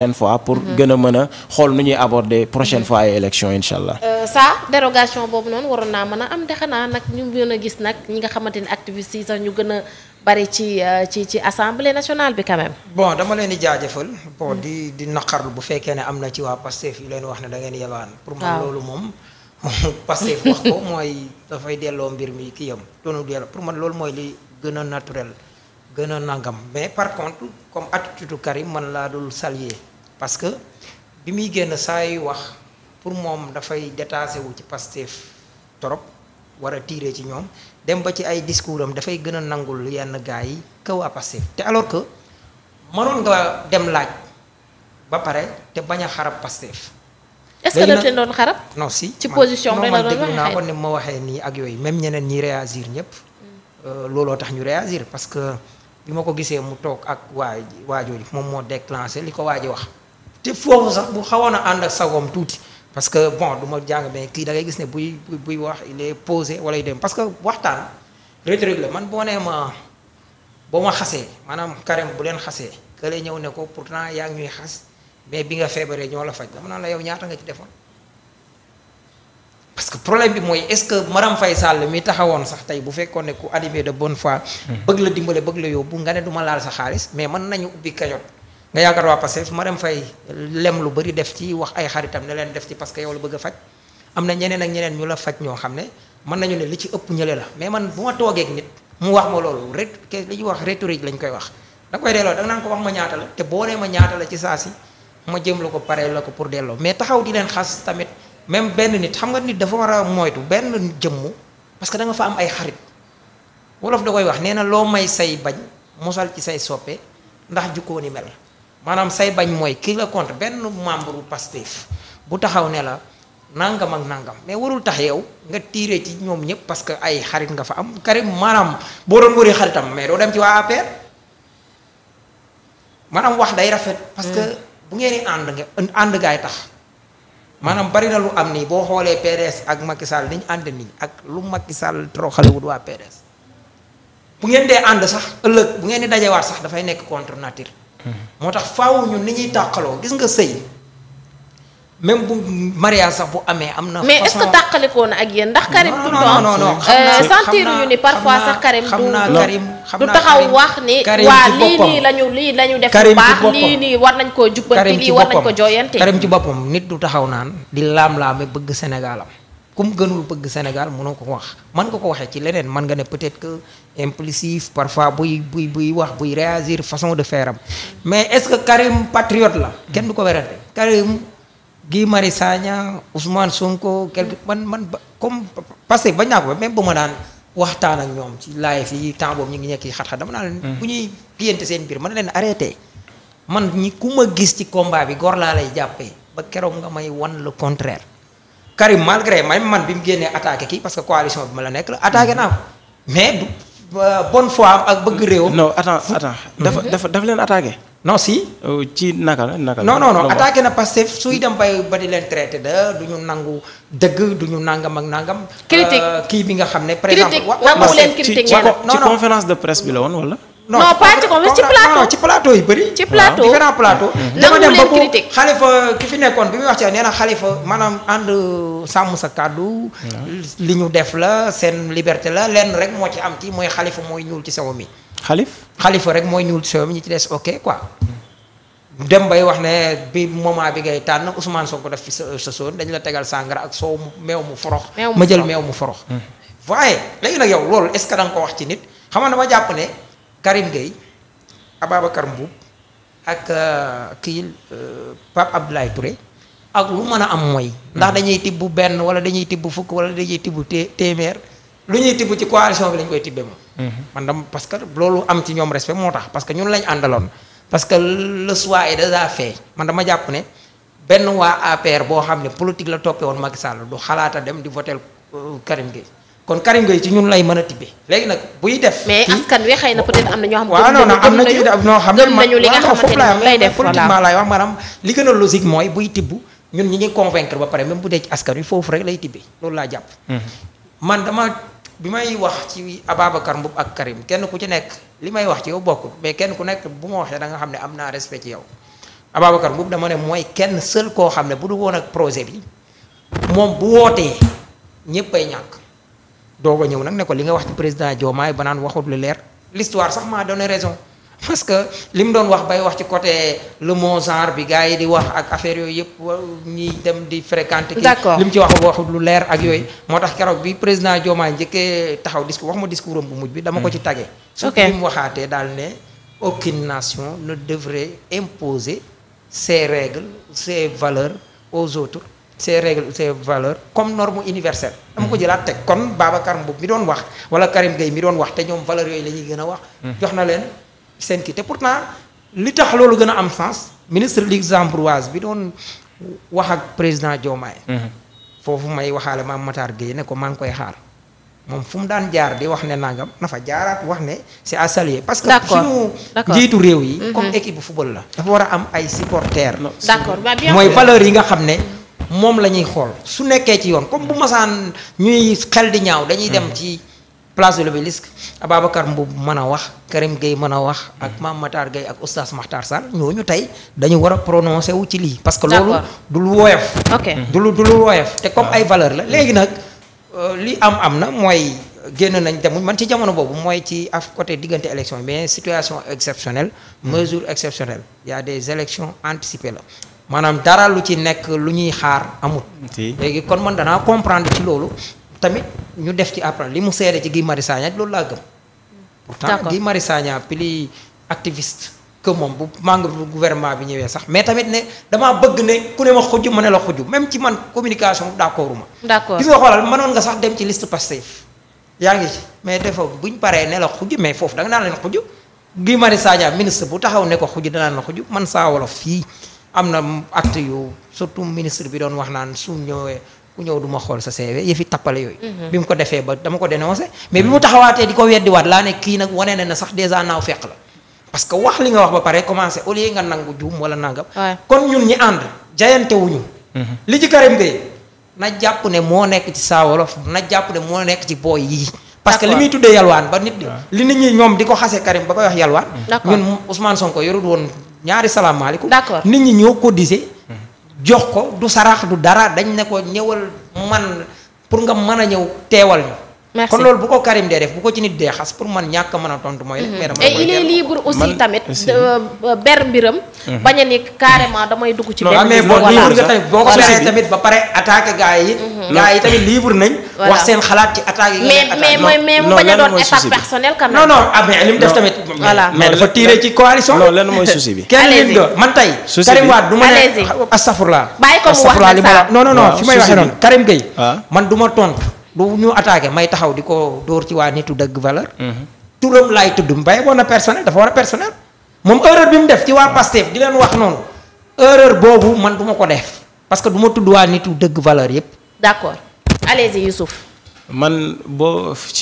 prochaine fois pour gën a mën a xool nu ñuy aborder prochaine fois ay élection incha allah. Euh, ça dérogation boobu noonu waroon naa mën a am te xanaa nag ñu gën a gis nag ñi nga xamante ni activistes yi sax ñu gën a bari ci euh, ci ci assemblée nationale bi quand même. bon dama leen di jaajëfal. bon di di naqarlu bu fekkee ne am na ci waa Pastef yu leen wax ne da ngeen pour man loolu moom Pastef wax ko mooy dafay delloo mbir mi kii yam doonu delloo pour man loolu mooy li gën a naturel gën a nangam mais par contre comme attitude Karim man laa dul saluer. parce que bi muy génn saa yi wax pour moom dafay détaché wu ci Pastef trop war a tiire ci ñoom dem ba ci ay discours am dafay gën a nangul yenn gars yi kaw a te alors que mënoon nga dem laaj ba pare te bañ a xarab Pastef est-ce que da leen doon xarab. non si ci position am naa ko ni ma waxee nii ak yooyu même ñeneen ñi réagir ñëpp. Mm. Euh, looloo tax ñu réagir parce que bi ma ko gisee mu toog ak waa waajooju moom moo déclenché li ko waaji wax. te foofu sax bu xawoon a ànd ak sagoom tuuti parce que bon duma ma jàng mais kii da ngay gis ne buy buy wax il est posé yu dem parce que waxtaan rhétorique la man boo nee ma boo ma xasee maanaam Karim bu leen xasee kële ñëw ne ko pourtant yaa ngi ñuy xas mais bi nga feebaree ñoo la faj dama naan la yow ñaata nga ci defoon. parce que problème bi mooy est-ce que Maram Faye sàll mi taxawoon sax tey bu fekkoon ne ku animé de bonne foi. Mhm. bëgg la dimbale bëgg la yóbbu nga ne du ma sa xaalis mais mën nañu ubbi cagnotte. nga yaakaar waa Pastef Marème fay lem lu bari def ci wax ay xaritam ne leen def ci parce que yow bëgg a am na ñeneen ak ñeneen ñu la faj ñoo xam ne mën nañu ne li ci ëpp ñële la mais man bu ma nit mu wax ma loolu rek li ñuy wax rhétorique lañ koy wax da koy delloo da nga ko wax ma ñaata te boo ma ñaata ci saa si ma jëm la ko pare la ko pour delloo mais taxaw di leen xas tamit même benn nit xam nga nit dafa war a moytu benn jëmm parce que da fa am ay xarit wolof da koy wax nee na loo may say bañ mosal ci say soppe ndax jukkoo ni mel maanaam say bañ mooy kii la contre benn membre Pastef bu taxaw ne la nangam ak nangam mais warul tax yow nga tiire ci ñoom ñëpp parce que ay xarit nga fa am Karim maanaam boo doon wëri xaritam mais doo dem ci waa APR maanaam wax day rafet. parce que bu ngeen di ànd tax. maanaam bari na lu am nii boo xoolee PDS ak Macky Sall niñ ànd ak lu Macky Sall toroxale wut waa PDS bu ngeen dee ànd sax ëllëg bu ngeen di dajewaat sax dafay nekk contre nature. moo tax faaw ñun ni ñuy tàqaloo gis nga sëy même bu mariage sax bu amee am na. mais est-ce que tàqalikoo na ak yéen ndax. Karim tout xam euh, naa Karim du taxaw wax ni. waa lii nii lañu lii lañu def. bu baax lii nii war nañ koo jubbanti lii war nañ ko jooyanti. Karim ci boppam nit du taxaw naan. di laam-laame bëgg senegalam comme mu gënul bëgg Sénégal mënoo ko wax mën nga ko waxee ci leneen mën nga ne peut-être que impulsif parfois buy buy buy wax buy réagir façon de faire mais est-ce que Karim patriote la kenn du ko werante Karim Guy Marius Sagna Ousmane Sonko quelque man man comme passé bañ naa ko même ba ma daan waxtaan ak ñoom ci laay fii temps boobu ñu ngi nekk ci xat-xat dama naa leen hmm. bu ñuy cliente seen biir mën na leen arrêté man ñi ku ma gis ci combat bi gor laa lay jàppee ba keroog nga may wan le contraire Karim malgré may man bi mu génnee attaqué kii parce que coalition bi ma la nekk la attaqué mhm. naa ko mais bon foi ak bëgg réewam. no attends attends mhm. dafa dafa dafa leen attaqué. non si. Oh, ci naka la naka la. non non non attaqué na que suy dem bay ba di leen traité da du ñu nangu dëgg du ñu nangam ak nangam. critique euh, kii bi nga xam ne. par exemple wax wa leen critique ci conférence de presse bi la woon wala. non pas ci comme ci plateau ci plateau yu bëri. ci plateau différents plateau. Mm-hmm. dem ba ko xalifa ki fi nekkoon bi muy wax ci nee na xalifa maanaam ànd sàmm sa kàddu. Mm-hmm. li ñu def la seen liberté la lenn rek moo ci am ti mooy xalifa mooy ñuul ci sawo mi. xalif xalifa rek mooy ñuul ci mi ñu ci des ok quoi. dem bay wax ne bi moment bi ngay tànn soo ko def fi sa sa soon dañu la tegal sàngara ak soow mu meew mu forox. ma jël meew mu forox. Mm-hmm. waaye léegi nag yow loolu est-ce que da ko wax ci nit xam nga dama jàpp ne. Karim Gueye Ababacar Mbuub ak euh, kii euh, Pape Abdoulaye Touré ak lu mën a am mooy. ndax hmm. dañuy tibb benn wala dañuy tibb fukk wala dañuy tibb téeméer lu ñuy tibb ci coalition bi lañ koy tibbee moom. Hmm. man dama parce que loolu am ci ñoom respect moo tax parce que ñun lañ àndaloon parce que le choix est déjà fait man dama jàpp ne benn waa APR boo xam ne politique la toppee woon Macky Sall du xalaata dem di votel euh, Karim Gueye. kon Karim Gueye ci ñun lay mën a tibbee léegi nag buy def. mais askan wi xëy na peut-être am na ñoo xam. waaw non non am na ci xam ne gëm nañu li nga xamante ne moom lay def politiquement laay wax maanaam li buy tibb ñun ñi ngi convaincre ba pare même bu dee ci askan wi foofu rek lay tibbee loolu laa jàpp. Mhm. man dama bi may wax ci Ababacar Mboup ak Karim kenn ku ci nekk li may wax ci yow bokk mais kenn ku nekk bu ma waxee danga xam ne am naa respect ci yow Ababacar Mboup dama ne mooy kenn seul koo xam ne bu du woon ak projet bi moom bu wootee ñëppay ñàkk doog ñëw nag ne ko li nga wax ci président Diomaye ba naan waxut lu leer l'histoire sax maa donné raison parce que li mu doon wax bay wax ci côté le mot genre bi gars yi di wax ak affaire yooyu yëpp ñiy dem di fréquenter. d'accord li mu ci wax wax lu leer ak yooyu. moo tax keroog bi président Diomaye njëkkee taxaw discours wax ma discours am bu mujj bi. dama ko ci hmm. tagee ok li mu waxaatee daal ne aucune nation ne devrait imposer ses règles ses valeurs aux autres. ces règles ces valeurs comme norme universelle. dama ko mhm. jëlaat teg kon Babacar Mboup mi doon wax wala Karim Gueye mi doon wax te ñoom valeurs yooyu la ñuy gën a wax. Mhm. jox na leen seen kii te pourtant li tax loolu gën a am sens ministre luxembourgeois bi doon wax ak président Diomaye. Mhm. foofu may waxaale maam Matar Gueye ne ko maa ngi koy xaar. moom fu daan jaar di wax ne naa na fa jaaraat wax ne c'est à saluer parce que suñu njiitu réew yi comme équipe football a moom la ñuy xool su nekkee ci yoon comme bu masaan ñuy xel di ñaaw dañuy dem hmm. ci place de l'obélisque Ababacar Mboub mën a wax Karim Gueye mën a wax hmm. ak maam Matar Gueye ak Oustaz Makhtar Sall ñooñu tey dañu war a prononcé wu ci lii parce que loolu du lu woyof hmm. du lu du lu woyof te comme ah. ay valeur la léegi nag euh, li am am na mooy génn nañ dem man ci jamono boobu mooy ci af côté diggante élection mais situation exceptionnelle mesure exceptionnelle y a des élections anticipées la maanaam dara lu ci nekk lu ñuy xaar amut. léegi kon man danaa comprendre ci loolu tamit ñu def ci après li mu seede ci Guy Marius loolu laa gëm. pourtant Guy Marius Sagna plus activiste que moom bu membre bu bi ñëwee sax mais tamit ne damaa bëgg ne ku ne ma xujj ma ne la xujj même ci man communication d' ma. d' accord gis nga xoolal mënoon nga sax dem ci liste Pastef yaa ngi ci mais dafa buñ paree ne la xujj mais foofu da nga naan leen xujj Guy Marius Sagna ministre bu taxaw ne ko xujj danaan la xujj man saa wolof fii. am na acte yu surtout ministre bi doon wax naan su ñëwee ku ñëw du ma xool sa CV yëfi tappale yooyu. Mhm. bi mu ko defee ba dama ko dénoncé. mais bi mu mhm. taxawaatee di ko weddiwaat laa ne kii nag wane na sax dèjà naaw fekk la. parce que wax li nga wax ba pare commencé au lieu nga nangu juum wala nangam. kon ñun ñi ànd jayante wuñu. Mhm. li ci Karim Gueye na jàpp ne moo nekk ci saa na jàpp ne moo nekk ci booy yii. parce que li muy tuddee yalwaan ba nit. li nit ñi ñoom di ko xasee Karim ba koy Sonko yorut woon. ñaari salaamaaleykum. d'accord nit ñi ñoo cotisé. Mhm. jox ko du sarax du dara dañ ne ko ñëwal man pour nga mën a ñëw teewal ñu. merci kon loolu bu ko Karim dee def bu ko ci nit dee xas pour man ñàkk a mën a tontu mooy. mais mhm. dama et il aussi tamit. Euh, ber mbiram. Mhm. bañ a ni carrément damay dugg ci. benn mbir voilà mais boo libre nga tamit boo ko beree gars yi. Mhm. gars yi tamit libre nañ. wax seen ci attaque yi. mais a doon état personnel quand même. non non ah mais li mu def tamit. voilà mais dafa bi. man tey. souci bi Karim Wade du ma ne astafurlaa. bàyyi ko mu wax na saa non non non fi may waxee noonu Karim Gueye ah. man du ma tontu bu ñu attaqué may taxaw di ko dóor ci waa nitu dëgg valeur. Mhm. turam laay tudd mbay woon na personnel dafa war a personnel. moom erreur bi mu def ci waa Pastef di leen wax noonu erreur boobu man du ko def parce que tudd waa nitu dëgg valeur yépp d'accord allez-y Youssouf. man boo ci.